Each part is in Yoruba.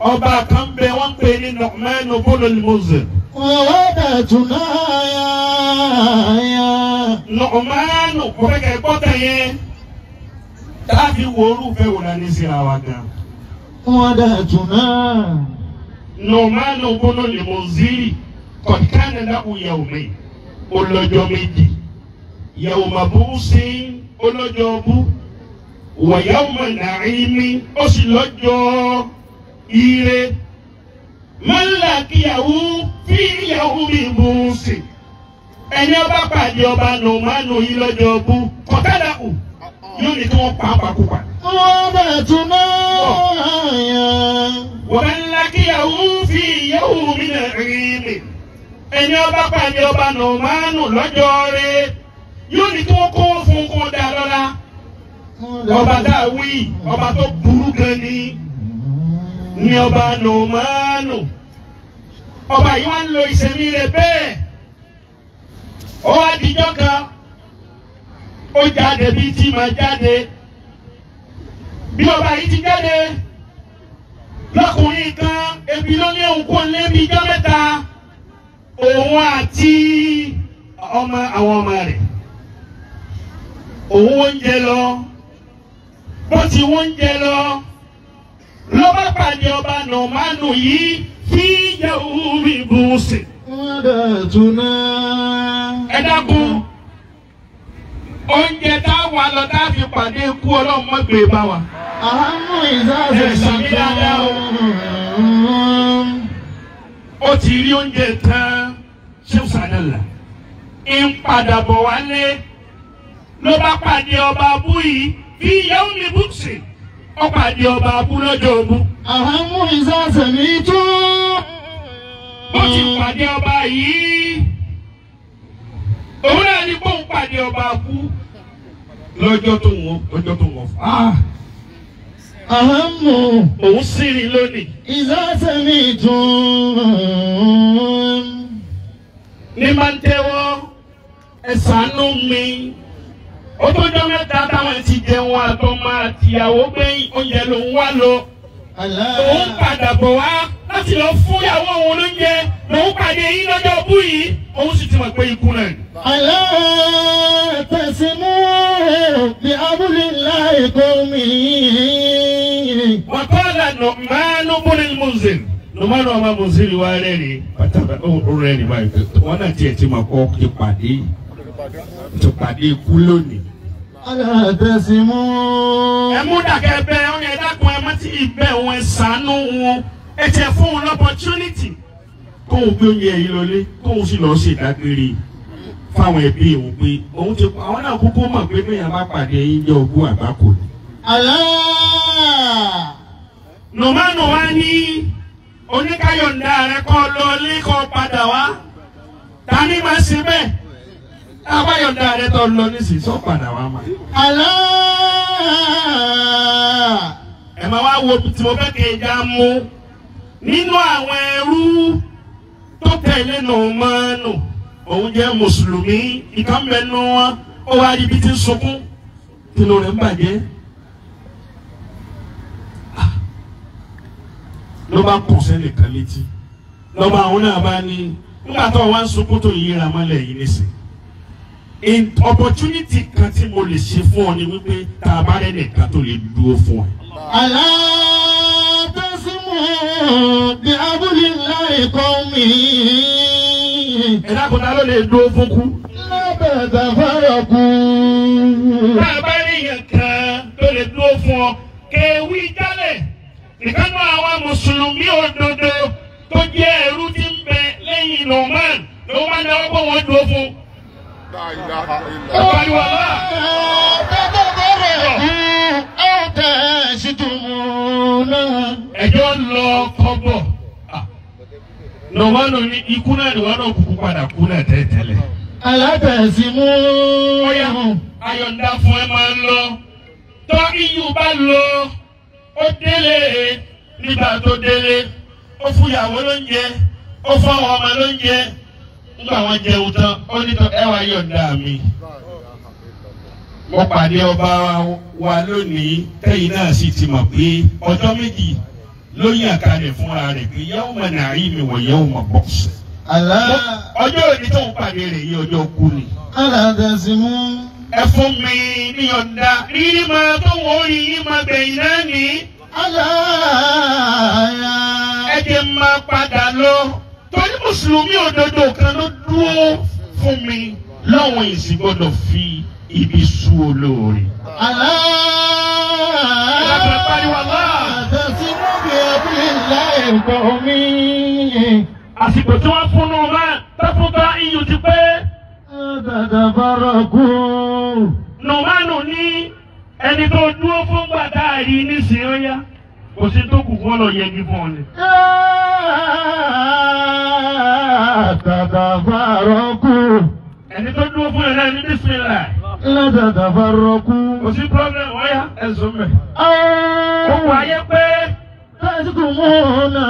ọba kan bẹ wọn pè ní Nu'man ibn Muzir. ọ̀rẹ́ tùnà yá. Nu'man kò fẹ́ kẹ́ gbọ́dọ̀ yẹn táàbí wo orúfẹ́ wò lẹ́ni síra wa gan. ọ̀rẹ́ tùnà. Nu'man ibn Muzir kọ̀díkánná dáhùn yẹ̀wò mi olójó méjì yẹ̀wò màbú sí olójó bú wọ̀yẹ̀wò nàìmí ó sì lọ́jọ́ ire mọ́lákìyàwó fi ìyàwó mi bù ú sí ẹni ọba pàdé ọba nù mánu yìí lọ́jọ́ bú kọ̀tàdà kù yóò ní kí wọ́n pa àpàkùpà. wọ́n bẹ̀ tún náà yàn. wọ́lákìyàwó fi ìyàwó mi nà rí mi ẹni ọba pàdé ọba nù mánu lọ́jọ́ rẹ̀ yóò ní kí wọ́n kó fún kó dá lọ́la ọba dá wí ọba tó burú gan ni ní ọba nùmánù ọba yìí wọ́n ń lo ìṣẹ̀mí rẹ̀ bẹ́ẹ̀ ó wá dijọ́ kan ó jáde bí tí máa jáde bí ọba yìí ti jáde lọ́kùnrin kan ebi ló ní òun kò lé bí ijọ́ mẹ́ta òun àti ọmọ àwọn ọmọ rẹ̀ òun oúnjẹ lọ bó ti oúnjẹ lọ ló bá pàdé ọba nọ̀mánù yìí fi jẹ́ orí bùsì. ẹ dákun oúnjẹ táwa lọ tá a fi pàdé ikú ọlọ́mọ gbé bá wa. àánú ìzáàzì ṣàtọ́ ó ti rí oúnjẹ tán ṣé sàdánlá ń padà bọ̀ wálé ló bá pàdé ọba abúyí bí ìyá òun ní wọ́n pàdé ọba abúlọ́jọ́ ogun. àhámú ìsàsẹ̀ mi tó. bó ti pàdé ọba yìí òun náà ní bóun pàdé ọba kú lọ́jọ́ tó wọ́n lọ́jọ́ tó wọ́n fà á. àhámú. òun sírin lónìí. ìsàsẹ̀ mi tó. ní máa ń tẹ́wọ́ ẹ mi ó tó jọ mẹ́ta táwọn ti jẹun àtọmọ àtìyàwó gbẹ̀yìn oúnjẹ ló ń wá lọ òun padà bọ̀ wá láti lọ fún ìyàwó òun lóúnjẹ lòun pàdé yín lọ́jọ́ bú yìí òun sì ti mọ̀ pé ikú náà. àlọ́ tẹ̀símú bí abúlé láì kó mi. wàkọ́lá nọ̀mánú bóni mùsùlùmí lọ́mọdé ọmọ mùsùlùmí wa rẹ̀ ni. bàtà òun rẹ̀ ni báyìí wọ́n náà tiẹ̀ ti mọ̀ kọ́ ti pàdé tó pàdé ikú lónìí. aláàtẹ̀símú. ẹ mú dàkẹ́ bẹ ọ́n yẹn dákun ẹ má ti bẹ̀ wọn ẹ sànú wọn ẹ tẹ fún wọn lọ́pọ̀túnìtì kóun gbé oúnjẹ yìí lọlé kóun sì lọ́ọ́ ṣe ìdágbére fáwọn ẹbí òun pé òun ti àwọn náà kúkú mọ̀ pé bẹ́ẹ̀ yẹn bá pàdé yín ogún àgbákò ni. nùmánù wa ní oníkayọ̀ǹda rẹ kọ́ lọ lé padà wá ta ni ṣe bẹ́ẹ̀ abáyọ̀dá rẹ tó lọ nísìsiyìí sọ padà wá ma. àlọ́ ẹ máa wá wo tí mo fẹ́ kẹ́ ẹ já mú nínú àwọn ẹrú tó tẹ̀lé nù mọ́nù òun jẹ́ mùsùlùmí ìkànnbẹ́nu wọn ó wá rí ibi tí ń sunkún tìlú rẹ̀ ń bàjẹ́. Ah! ló bá kù sẹ́nìkan létí lọ́ba àwọn náà bá ní nígbà tó wá ń sunkún tó yíra mọ́lẹ̀ yìí nísìnyí opportunity kan tí mo lè ṣe fún ọ ni wípé tá a bá rẹ́nìkan tó lè dúró fún ẹ. aláàtọ́símù bí abúlé ńlá ẹ̀kọ́ mi. ẹ dákun ta ló lè dúró fún kú. lábẹ́ ìtàfàrọ̀ kú. tá a bá rí èèyàn kan tó lè dúró fún ọ kéwì jálẹ̀ ìkànnì àwọn mùsùlùmí òdodo tó jẹ́ ẹrú tí ń bẹ lẹ́yìn lọ́mọ́n lọ́mọ́n ni wọ́n bọ̀ wọ́n dúró fún ọba ni wà lá. ọ̀pẹ̀pẹ̀ bẹ̀rẹ̀ ọ̀hún ọ̀tẹ̀ ṣìtùmù náà. ẹjọ́ ń lọ kọ́bọ̀ ah. lọ́wọ́nù ni ikú náà ni wọ́n náà kúkú padà kú náà tẹ́tẹ́lẹ̀. alábẹ̀sí mú. ọ̀yà ayọ̀ǹda fún ẹ máa ń lọ tọ́ iyú bá lọ ó délé nígbà tó délé ó fún ìyàwó lóúnjẹ ó fún àwọn ọmọ lóúnjẹ nígbà wọn jẹun tán ó ní tán ẹ wá yọ̀ǹda mi mo pàdé ọba wa lónìí tẹ́yìn náà sì ti mọ̀ pé ọjọ́ méjì ló yàn kalẹ̀ fúnra rẹ̀ pé yẹ́wò mọ̀ nàárí mi wọ̀ yẹ́wò mọ̀ bọ̀. ọjọ́ òní tó ń pàdé rẹ̀ yí ọjọ́ kú ni. ẹ fún mi ní yọ̀ǹda rírí máa tó wọ́n rí rí máa gbẹ̀yìn náà ní. ẹ jẹ́ máa padà lọ torí mùsùlùmí òdodo kan ló dúró fún mi láwọn ìsìn gbọ́dọ̀ fi ibi sú olóore. àlá àtẹ̀sínú bí ẹbí láì gbọ́ mi. àsìkò tí wọ́n fún un náà tẹ́fúta iyùn ti pé. dàdà bára kú. nùmánù ní ẹni tó dúró fún gbàdáàrí nísìnyí ó yá kò sí tó kù kó lọ yẹgi fún ọ ni látàtàfàrọ́kù. ẹni tó dúró fún ẹ̀rọ ẹni bísímìlá. látàtàfàrọ́kù. kò sí pọ́blẹ́mù ọ̀yà ẹ̀sùn mẹ́. ó wà ayé pé. tásìkò mọ́ọ̀nà.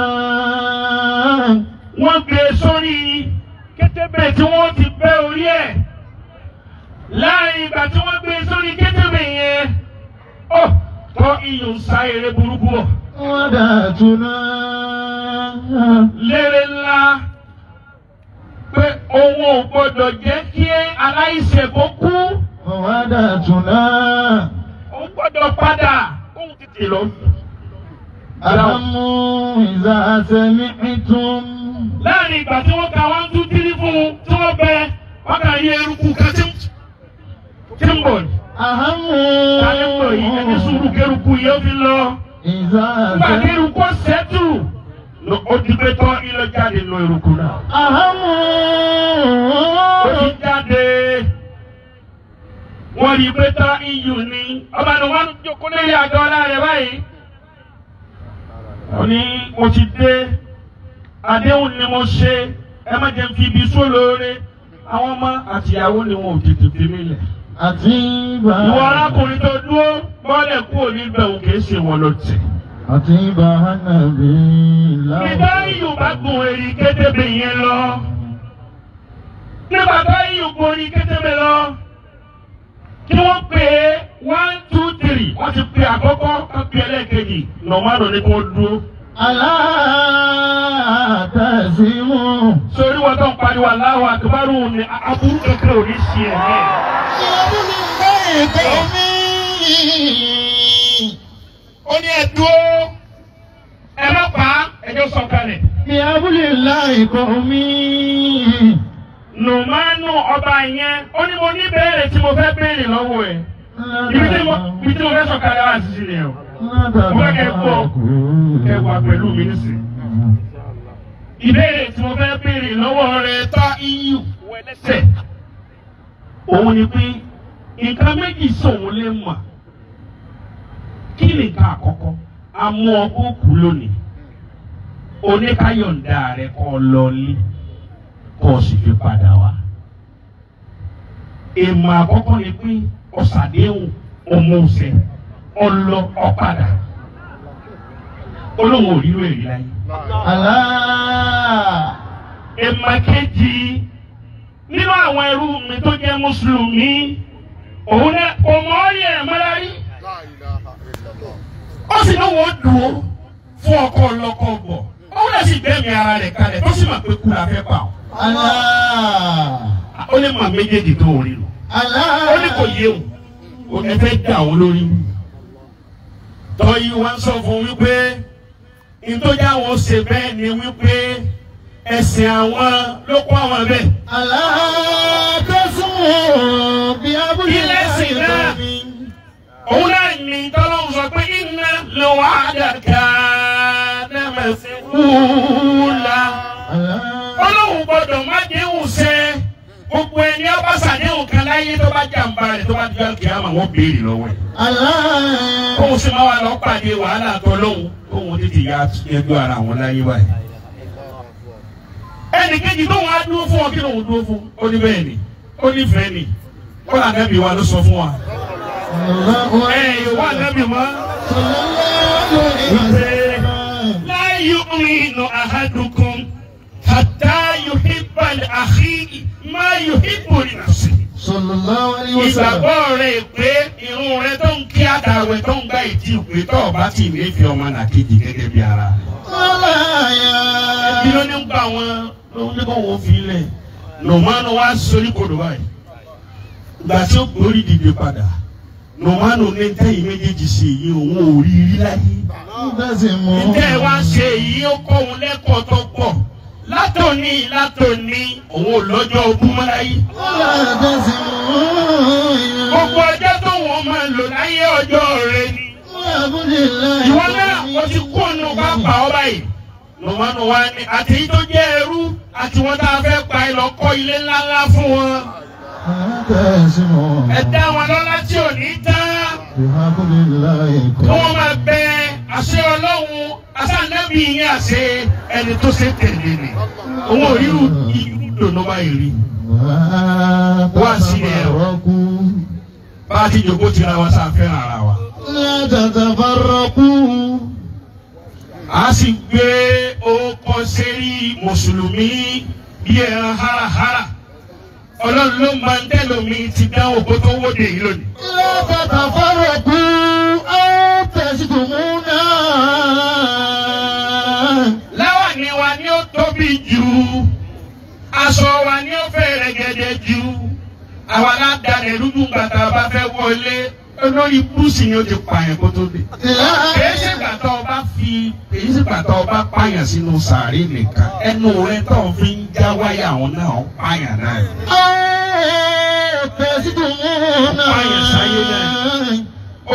wọ́n gbé e sórí kẹ́tẹ́bẹ̀ tí wọ́n ti bẹ́ orí ẹ̀. láàrin ìgbà tí wọ́n gbé e sórí kẹ́tẹ́bẹ̀ yẹn. ó tọ́ iyùn sáyẹrẹ burúkú ọ̀. wọ́n dà tún náà. lérè ńlá òun ò gbọdọ̀ jẹ́ kí aláìṣẹ̀bọ kú. ọ̀hún àdàtúnà. òun gbọdọ̀ padà kóun tètè lọ. àlámú ìzà àtẹ̀mí ìtún. láàrin ìgbà tí wọ́n ka one two three fún tí wọ́n bẹ wọ́n kà yé eruku kẹ́tí tí ń bọ̀. àhámú. ta ni pọ̀ yìí ẹni sùúrù ìzà àtẹ̀mí. nígbà tí eruku ṣẹ́tù. No ojúgbé tán ilé jáde lọ eruku náà. Ó ti jáde. Wọ́n rí pé tán iyù ni. Ọba ni wọ́n jókòó lórí àjọ ọlá rẹ̀ báyìí. Ó ní mo ti dé. Àdéhùn ni mo ṣe. Ẹ má jẹ́ fi ibi só lóore. Àwọn ọmọ àtìyàwó ni wọn ò tètè fi mí lẹ̀. Àti bàbá. Ìwọ arákùnrin tó dúró bọ́lẹ̀ kúrò níbẹ̀ òun kì ṣe wọ́n lọ tẹ̀ àti ibà hànàbí láwọn. ìbá yóò bá gun èrì kétébe yẹn lọ ní bàbá yóò gun èrì kétébe lọ kí wọ́n pè é one two three wọ́n ti pè àkọ́kọ́ wọ́n pè ẹlẹ́ẹ̀kejì nọ̀mọ́nù ni kò dúró. aláàtàzímù. sori wọn tó ń pariwo aláwọ àtúbárù ni aburú kékeré ò ní ṣe ẹ̀. ṣé o mi ń bẹ̀rẹ̀ bẹ́ẹ̀ mi? ó ní ẹ dúró ẹ má pa á ẹjọ́ sọ̀kalẹ̀. mi abúlé láì kọ́ mi. nùmánù ọba yẹn ó ní mo ní béèrè tí mo fẹ́ béèrè lọ́wọ́ ẹ̀ ibi tí mo fẹ́ sọ̀kalẹ̀ wá sí ni o mo fẹ́ kẹ́ kú ọ kẹ́ wà pẹ̀lú mi nísì. ìbéèrè tí mo fẹ́ béèrè lọ́wọ́ rẹ tá iyì wẹ̀lẹ́sẹ̀ òun ni pé nǹkan méjì sòun lè mọ̀ kí ni nǹkan àkọ́kọ́ amú ọ kú lónìí oníkayọ̀ǹda rẹ kọ́ lọ́ọ́lí kọ́ ọ sì fi padà wá. èèmọ̀ àkọ́kọ́ ni pé ọ̀sàdéhùn ọmọọ̀sẹ̀ ọlọ ọ̀padà olóhùn òrírò èrè láyé. èèmọ̀ kejì nínú àwọn ẹrú mi tó jẹ́ mùsùlùmí òun náà kò mọ̀ ọ́ yẹ. wọn dúró fún ọkọ ọlọ́kọ bọ̀ ó lè sì gbẹ̀mí ara rẹ̀ kalẹ̀ tó sì mọ̀ pé kú la fẹ́ pa ọ́. ó lè mọ méjèèjì tó orí lò ó ní kò yé o ẹ fẹ́ dà wọ́n lórí. tọ́yí wá sọ fún wípé ìtọ́jà wọn ṣe bẹ́ẹ̀ ni wípé ẹ̀sìn àwọn ló kó àwọn bẹ́ẹ̀. aláàbẹ̀sùn bí abúlé náà òun náà ní tọ́lá sọ pé iná ló wà dàkà nẹ́mẹ̀sì wúlà. Ọlọ́run gbọ́dọ̀ má déhùn sẹ́. Gbogbo ẹni ọba ṣàdéhùn kan láyé tó bá jàǹbá rẹ̀ tó bá di ọ̀gá àmà wọ́n béèrè lọ́wọ́ ẹ̀. Òun sì máa wà lọ pàdé wàhálà tó lóhùn. Òun tètè ya ẹgbẹ́ ara àwọn láyé báyìí. Ẹnì kejì tó wọn á dúró fún ọ kí lóun dúró fún. Ó ní bẹ́ẹ̀ ni, ó nífẹ̀ẹ́ ni, ó làǹdẹ́bí wa ló sọ fún wa ẹ̀yìn wà lẹ́bi mọ́. wípé láyé omi nù àhádùkún hatta yuhibba li akhihi ma yuhibbu li nafsi. ìgbàgbọ́ rẹ̀ pé irun rẹ̀ tó ń kí àtàwẹ̀ tó ń gbá ìdí ìwé tó ọba tí ìwé fi ọmọ nàkejì gẹ́gẹ́ bí ara rẹ̀. ẹbí ló ní gbà wọn lóun ní kò wọ́n fi lẹ̀ lòmánú wá sórí kodò báyìí gbàtí ó gbórí dìde padà nùmánù ní tẹ́yìn méjèèjì ṣe yìí òun ò rí rí láyé. ìtẹ́ wa ṣe yìí ó kọ́ òun lẹ́kọ̀ọ́ tó pọ̀ látòní látòní òun ò lọ́jọ́ ogún láyé. gbogbo ọjọ́ tó wọ́n máa lò láyé ọjọ́ rẹ ni. ìwọ náà o ti kú ọ̀nà pápá ọba yìí nùmánù wa ni àti tó jẹ́ ẹrú àti wọn tá a fẹ́ pa ẹ lọ kọ́ ilé ńláńlá fún wọn ẹ dá wọn lọ́lá tí ò ní tán. kí wọ́n máa bẹ àṣẹ ọlọ́run asánábì yín àṣẹ ẹni tó ṣe tẹ̀lé ni òun ò ríru irú dòdò báyìí rí wá sí ẹ bá a ti jòkó tira wa sáfẹ́ ara wa. a sì gbé okòó sẹ́rí mùsùlùmí bí ẹran hárahára ọlọ́run ló máa ń tẹ́lómi ti dáhùn ògbó tó wóde yìí lónìí. lọ́kọ̀tà fọ́rọ̀ kú ó tẹ̀sítò mú náà. láwàní wa ni ó tóbi jù aṣọ wa ni ó fẹ̀rẹ̀ gẹ̀dẹ̀ jù àwa ládàá lè rúdùn bàtà bá fẹ́ wọlé olórí búùsì ni ó ti pààyàn kó tó dé. kìí ṣe ìgbà tó o bá fi kìí ṣe ìgbà tó o bá pààyàn sínú sàárè nìkan ẹnu rẹ tó o fi ń já wáyà òun náà ó pààyàn náà. pààyàn sáyé náà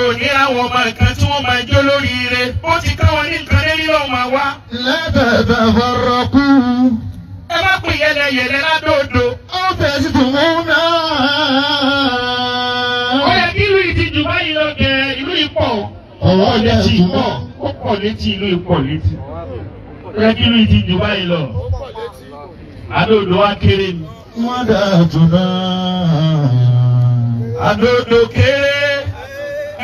òní àwọn ọmọ nǹkan tí wọ́n máa jó lórí ire ó ti káwọn ní nǹkan lé nílò máa wá. lábàbà fọ̀rọ̀ kú. ẹ má pè yẹlẹyẹlẹ ládòdò. ó fẹ́ sí tòun náà. ọ̀rọ̀ létí náà ó pọ̀ létí ìlú ìpọ̀ létí rẹ́gílù ti jù báyìí lọ adóòdó wa kéré ni. wọ́n dà jù náà. adóòdó kéré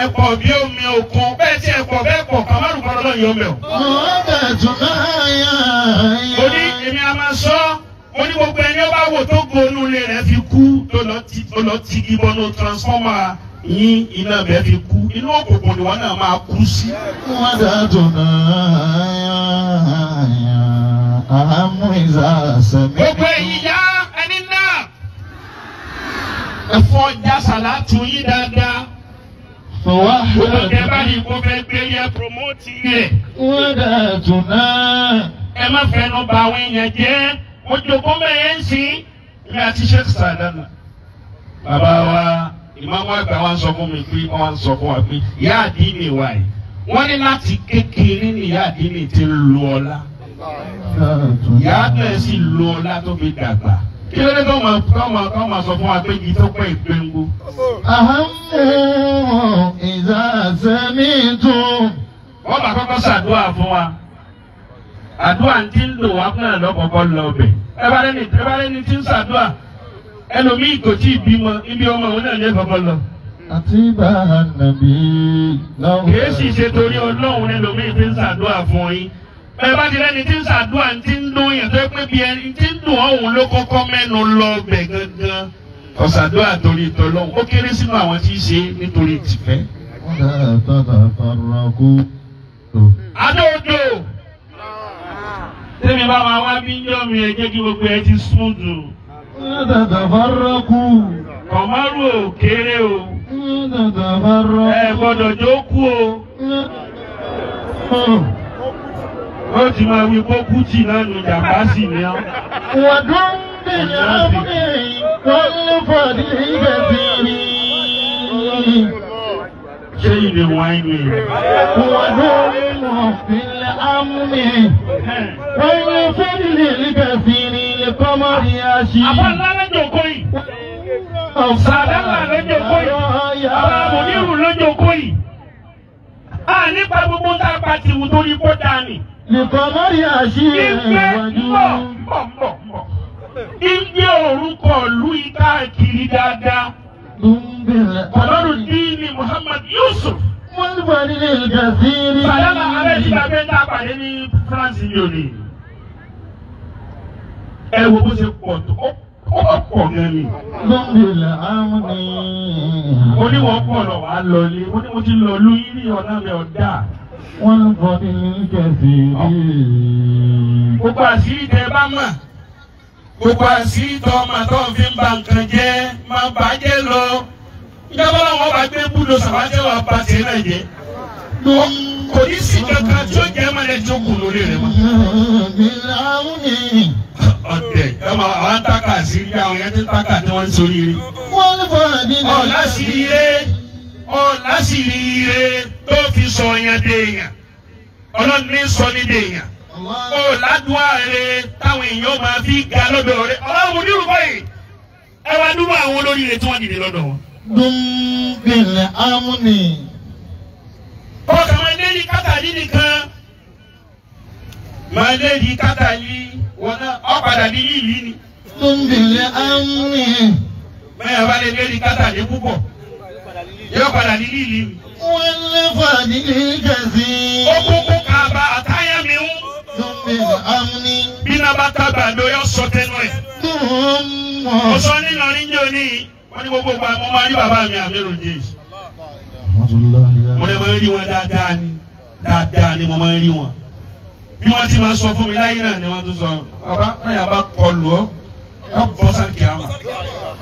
ẹ̀pọ̀ bí omi òkun bẹ́ẹ̀ tí ẹ̀pọ̀ bẹ́ẹ̀ pọ̀ kàmárù kan lọ́dọ̀ yọ̀ mẹ́ wọ́n dà jù náà mo ní èmi a máa sọ mo ní gbogbo ẹni ó bá wò tó gbónú ilé fi kú tó lọ tigi bọnú transformer yín iná bẹ́ẹ̀ fi kú inú òkùnkùn ni wọ́n náà máa kú sí. wọ́n dàtún náà àmú ìzà sẹ́mi. gbogbo èyí yá ẹni náà ẹ̀fọ́ jásàlá tu yín dáadáa. Wà á lọ dé báyìí kó fẹ́ gbé yẹ promoti yẹ. Wọ́n dàtún náà. Ẹ má fẹnu bà àwọn èèyàn jẹ́ mo jogún bẹ́ẹ̀ ń sìn. Ilé àti Sheikh Sadana. Bàbá wa ìmáàmù àgbà wa ń sọ fún mi pé wọ́n ń sọ fún wa pé ìyá àdínì wa yìí wọ́n ní láti kékeré ní ìyá àdínì ti lu ọlá ìyá náà sì lu ọlá tó fi dàgbà kí ló dé tó máa tó máa tó máa sọ fún wa pé igi tó pẹ́ ìpéǹgbó. àhámù ìdá sẹ́mi tún. wọ́n bá kọ́kọ́ ṣàdúrà fún wa àdúrà ń ti ń lò wá fún ẹ̀ lọ́kọ̀ọ́kọ́ lọ bẹ̀ ẹ bá lẹ́ni tí ń ṣàdúrà ẹlòmíì kò tí ì bímọ ibi ọmọ òun náà lè fọmọ lọ. àti bá a nàbí lọ́wọ́. kìí sì ṣe torí ọlọ́run ẹlòmíì ti ń ṣàdúrà fún yín bẹ́ẹ̀ bá ti rẹ́ni tí ń ṣàdúrà ti ń dún yẹn tó yẹ pé bí ẹni tí ń dùn ọ̀hún ló kọ́kọ́ mẹ́nu lọ bẹ̀ gangan ọ̀ṣàdúrà torí ìtọ́lọ́hún ó kéré sínú àwọn tí ń ṣe nítorí tìfẹ́. adóòdò tẹ́mi bá máa wá bí ń jọ́ mi ẹ̀ jẹ́ kí gbogbo ẹ ti sún dùn tatafarraqu. kọ̀mọ́rù ò kéré o. tatafarraqu. ẹ gbọ́dọ̀ jókòó o ó oh. ti máa wí kó kùtì náà nu jàmbá sì ni ọ́. wọ́dún bèèrè ọkùnrin wọ́n ló fọ́ ní ibẹ̀ bèèrè. ṣé ìdè wọ́n ń lè. wọ́dún mọ̀fìlẹ̀ amúnẹ̀ wọ́n ló fọ́ ní ibẹ̀ bèèrè kọ́mọ́ ni a ṣí. àbálá lẹ́jọ̀ kọ́yì. sàdálà lẹ́jọ̀ kọ́yì. àwọn amònírù lẹ́jọ̀ kọ́yì. a nípa gbogbo tá a pa tìwù torí kó dáa nì. nìkan mọ́rí àṣì ìwájú. ìgbẹ́ mbọ̀ mbọ̀ mbọ̀. ìgbẹ́ orúkọ ìlú ìta kiri dáadáa. ọlọ́run dín ní Muhammad Yusuf wọ́n ń gbọ́ nílé ìgbà sí i. sàdálà alẹ́ ti gbàgbé ń ní France yìí ò ní ẹ wo bó ṣe pọ̀ tó ó pọ̀ gan ni. lóde làámú ni. mo ní wọn pọ̀ lọ wàá lọ ilé mo ní mo ti lọ lóyún ní ọ̀nà mi ọ̀dà. wọ́n ń bọ́ ní kẹsì rí. gbogbo àṣírí tẹ bá mọ̀ gbogbo àṣírí tọ́ ọmọ tó ń fi ń ba nǹkan jẹ́ máa bàjẹ́ lọ ìjọba làwọn bá gbé búdò sàbájẹ́ wà bá tiẹ̀ náà jẹ́ kò ní sí kankan tí ó jẹ́ mọ́lẹ̀ tó kù lórí rẹ̀ mọ́ ọ̀tẹ̀ tọ́mọ àwọn ń tàkà sí ibi àwọn yẹn ti ń tàkà tí wọ́n ń sori ire. wọ́n ń fọ ẹ̀mí náà. ọ̀la sì rí ire ọ̀la sì rí ire tó fi sọ yẹn dèèyàn ọlọ́run ní sọ ní dèèyàn ọ̀la dùn ààrẹ táwọn èèyàn máa fi ga lọ́dọ̀ rẹ ọlọ́run onírú báyìí ẹ wá dúró àwọn olórí rẹ tí wọ́n dìde lọ́dọ̀ wọn. dùnbìnrin amúnì. ọkàn máa ń lé ní kátàlí nìkan máa ń lé ní kátàlí wọn náà ọ̀padà di líìlì ni. tó ń bèèrè àmì. bẹ́ẹ̀ bá lè lé ní kátàlí púpọ̀ yóò padà di líìlì mi. wọ́n lè fà ní kẹsì. ó kúkú ká bá àtàyà mi ń. tó ń bèèrè àmì. bí náà bá tábà ló yọ sọ tẹnu ẹ. tó ń mọ̀. mo sọ nínú oníjó ní wọ́n ní gbogbo ìgbà mo máa rí bàbá mi àmì ròjì. mo lè máa rí wọn dáadáa ni dáadáa ni mo máa rí wọn bí wọ́n ti máa sọ fún mi láyé náà ni wọ́n tún sọ bàbá náà bá kọ lù ọ́ ọ́ bọ́ sáǹkì àmà.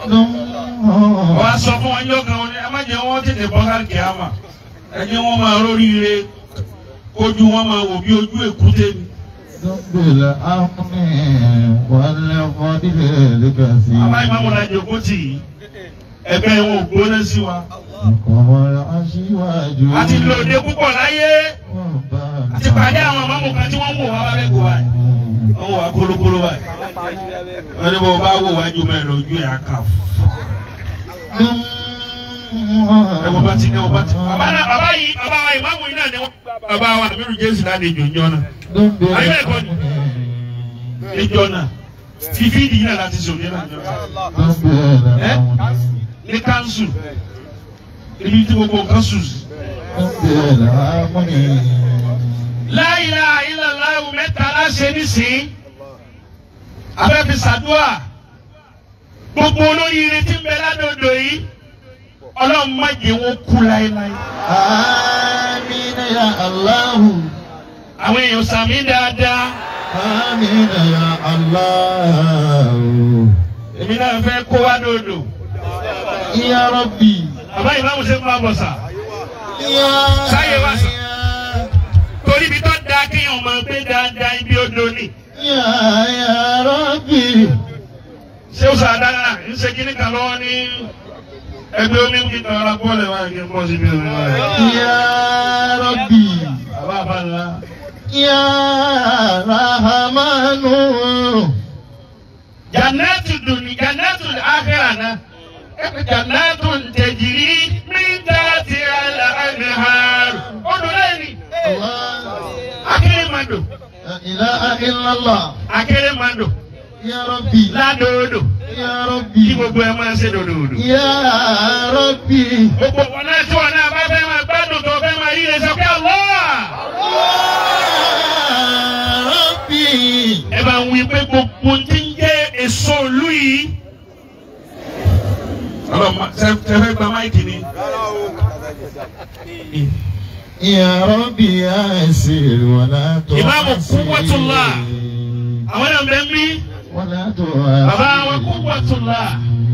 wọ́n á sọ fún wọn yọ̀ọ̀kan wọn ẹ má jẹ́ wọ́n tètè bọ́ sáǹkì àmà ẹ jẹ́ wọ́n máa róríire kójú wọn máa wò bí ojú èkúté ni. Dọ́gbìlà ámúni wàlẹ̀ ọmọdé lẹ́ka sí. Àbáyé máa jòkó tì í. Ẹgbẹ́ wọn gbóná sí wa. Ọkọ̀ wọn púpọ̀ láyé ti pàdé àwọn ọmọ mọ̀ká tí wọ́n wò wá wá bẹ́ẹ̀ wá wọ́n wò wá kólókóló wá wọ́n ní bọ́ bá wò wá ju mẹ́rin ojú yà ká fún. ẹ wọ́n bá ti ní wọ́n bá ti. bàbá náà bàbá yìí bàbá wa yìí máwùú iná ni wọ́n bàbá wa àmírù jésù láti ìjọ ìjọ náà. ayé ẹ̀kọ́ ni ìjọ náà fífi ìdí náà láti sòdí náà. ní kánṣu ibi tí gbogbo kánṣu La ilaha illallah mẹ́ta láṣẹ nísìn abẹ́fi ṣàdúrà gbogbo olóríire tí ń bẹ ládòdò yìí ọlọ́run má jẹ́ wọn kú láéláé. àmín ya Allahu. àwọn èèyàn sàmì dáadáa. àmín ya Allahu. èmi náà fẹ́ kó wá dòdò. Ya Rabbi. bàbá ìbámu ṣe ń bá sáyé wa sàn torí ibi tó da kéèyàn mọ̀ pé dáadáa ibi odò ni. ṣé o sàn dáadáa ń ṣe kíní kan lọ́wọ́ ní ẹgbẹ́ omi kí n tọ́ ara bọ́ọ̀lù wa kí n bọ́ síbi omi wa. Ya Rabbi. bàbá àbálá. Ya Rahamanu. jannatu duni jannatu akhirana jannatu tajiri. ilaha illallah. akérèmọdò. ya Rabbi. ládòdò. ya Rabbi. kí gbogbo ẹ máa ṣe dòdòdò. ya Rabbi. gbogbo wọn náà tí wọn náà bá fẹ́ máa gbádùn tó fẹ́ máa yíyẹ sọ pé Allah. ya Rabbi. ẹ bá ń wí pé gbogbo ti ń jẹ́ èso ìlú yìí. ọlọ́mọ sẹ́fẹ́ gba máìkì ni. Ya Rabbi àìsí wàlá tó àìsí. Ìmáàmù Quwwatullah. Àwọn náà bẹ́ẹ̀ mí. Wàlá tó àìsí. Bàbá wa Quwwatullah.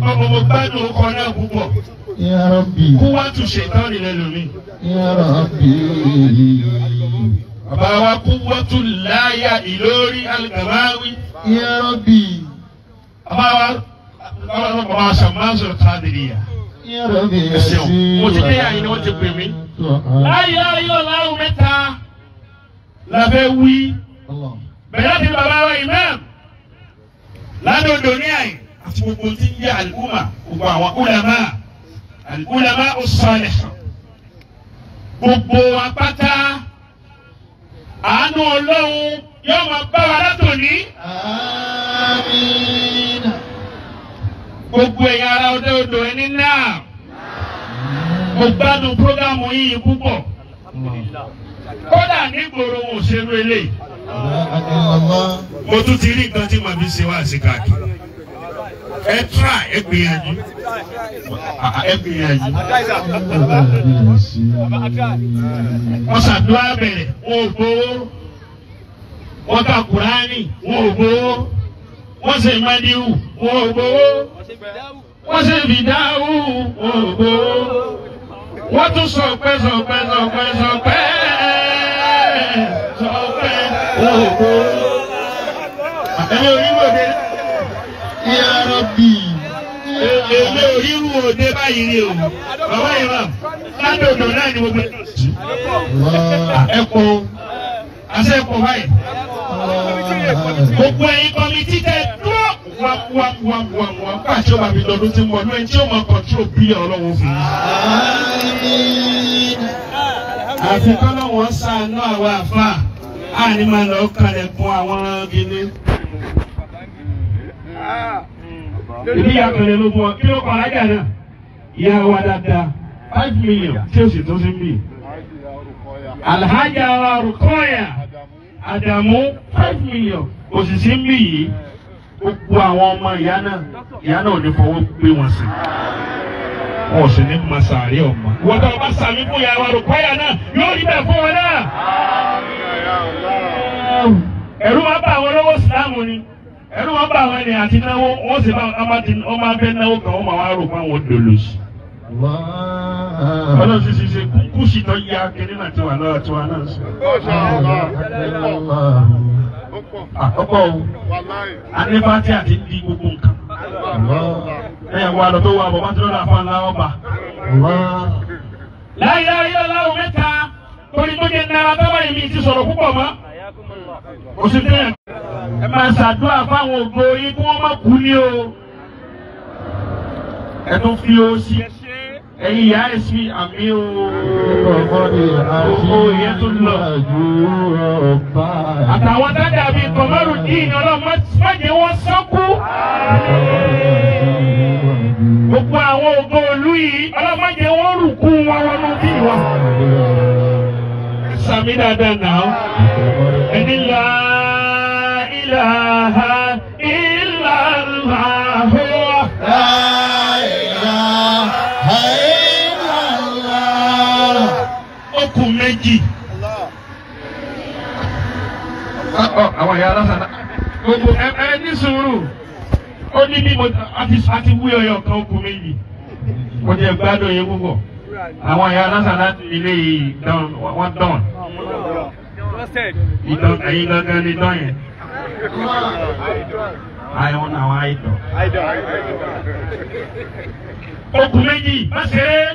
Ọmọ mo gbádùn ọkọ náà púpọ̀. Ya Rabbi. Quwwatu Shaitan nílẹ̀ lómi. Ya Rabbi. Bàbá wa Quwwatullah Ìlórí Al-Gamawi. Ya Rabbi. Bàbá wa ọlọ́run bàbá Ṣàmásù Kádìríyà. Ya Rabbi àìsí wàlá tó àìsí. Mo ti dé àyìn ni wọ́n ti pè mí láyé ayé ọ̀làwọ̀ mẹ́ta làbẹ́ wí bẹ̀rẹ̀ ti bàbá wa imam ládòdò ní àyè àti gbogbo tí ń yẹ àlùkùmà gbogbo àwọn ulama àlùkùlàmá as-salih gbogbo apáta àánú ọlọ́run yóò máa bá wa látòní. àmín. gbogbo ẹ̀yà ara ọdẹ ẹni náà mo gbádùn programu yìí púpọ̀ kódà nígboro wọn ṣerú eléyìí mo tún ti rí nǹkan tí màmí ṣe wá sí káàkiri ẹ tra ẹ gbìyànjú ẹ gbìyànjú wọ́n ṣàdúrà bẹ̀rẹ̀ wọn ò gbowó wọ́n ka kùránì wọn ò gbowó wọ́n ṣe mádìwù wọn ò gbowó wọ́n ṣe fìdáwù wọn ò gbowó wọ́n tún sọpẹ́ sọpẹ́ sọpẹ́ sọpẹ́ sọpẹ́ ògo. ẹ̀mí oríwò dé yàrá bì í. èmi oríwò dé báyìí ni o bàbá yìí wà ládòdò náà ni mo gbé lọ sí. ẹ̀pọ̀ àṣẹ ẹ̀pọ̀ báyìí. gbogbo ẹ̀yin kọ́mítì tẹ̀ wọ́n wọ́n wọ́n wọ́n wọ́n dọdún tí mo lóyún tí ó máa kọ̀ntró bílíọ̀n ọlọ́run fún mi. àfi kọ́nà wọn sànú àwọn àfa àní máa lọ kalẹ̀ fún àwọn gíní. ibi ìyá ló fún ọ kí ló kọ alájà náà ìyá wa dáadáa five million tí o sì tó sí mi. alhaja wa Rukoya Adamu five million òsì sí mi yìí. gbogbo àwọn ọmọ ìyá náà ìyá náà ò ní fọwọ́ gbé wọn sí wọn ò sì ní mọ sàárẹ̀ ọmọ. wọ́n tó bá sàmì fún ìyá wa náà yóò rí bẹ́ẹ̀ fún wọn náà. wọn bá àwọn olówó sìláàmù ni wọn bá àwọn ènìyàn àti náwó wọ́n sì náwó kan wọ́n máa wá sí. ọlọ́run ṣe kúkú yá kiri náà tiwa tiwa náà sí. ọ̀pọ̀ o adébátí àti di gbogbo nǹkan ẹ wà lọ tó wà bọ̀ bá ti lọ́dọ̀ àfa ńlá ọba. láyé ayé ọláwọ mẹ́ta torí tó jẹ náírà bábà yìí mi ti sọ̀rọ̀ púpọ̀ mọ́ oṣù tẹ́lẹ̀ ẹ máa ṣàdúrà fáwọn ògbó yín kí wọ́n má kú ní o ẹ tún fi ó ẹ̀yin ìyá ẹ sí àmì o. owó ìyẹn tó lọ. àtàwọn dáadáa àbí kọmọrù dín ọlọmọ mọdé wọn sọkú. gbogbo àwọn ògo olú yìí ọlọmọdé wọn rùkú wọn wọnú bí wọn. sàmì náà ẹni la ilaha. méjì. Ah, oh, àwọn ìyá alásàdá gbogbo ẹ ní sùúrù ó ní bí mo àti wí ọyọ kan okùn méjì mo ti gbádùn yín púpọ̀ àwọn ìyá alásàdá ilé yìí wọ́n dán ìdán ẹ̀yin gangan ni dán yẹn àwọn àwọn àìdán okùn méjì má ṣe é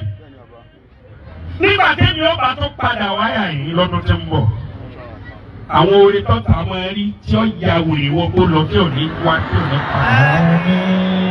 nígbà tẹ́mi ó bá tó padà wáyà yìí lọ́dún tó ń bọ̀ àwọn orin tó tà rí tí ó ya wèrè wọ́pọ̀ lọ tí wá tí ní pa.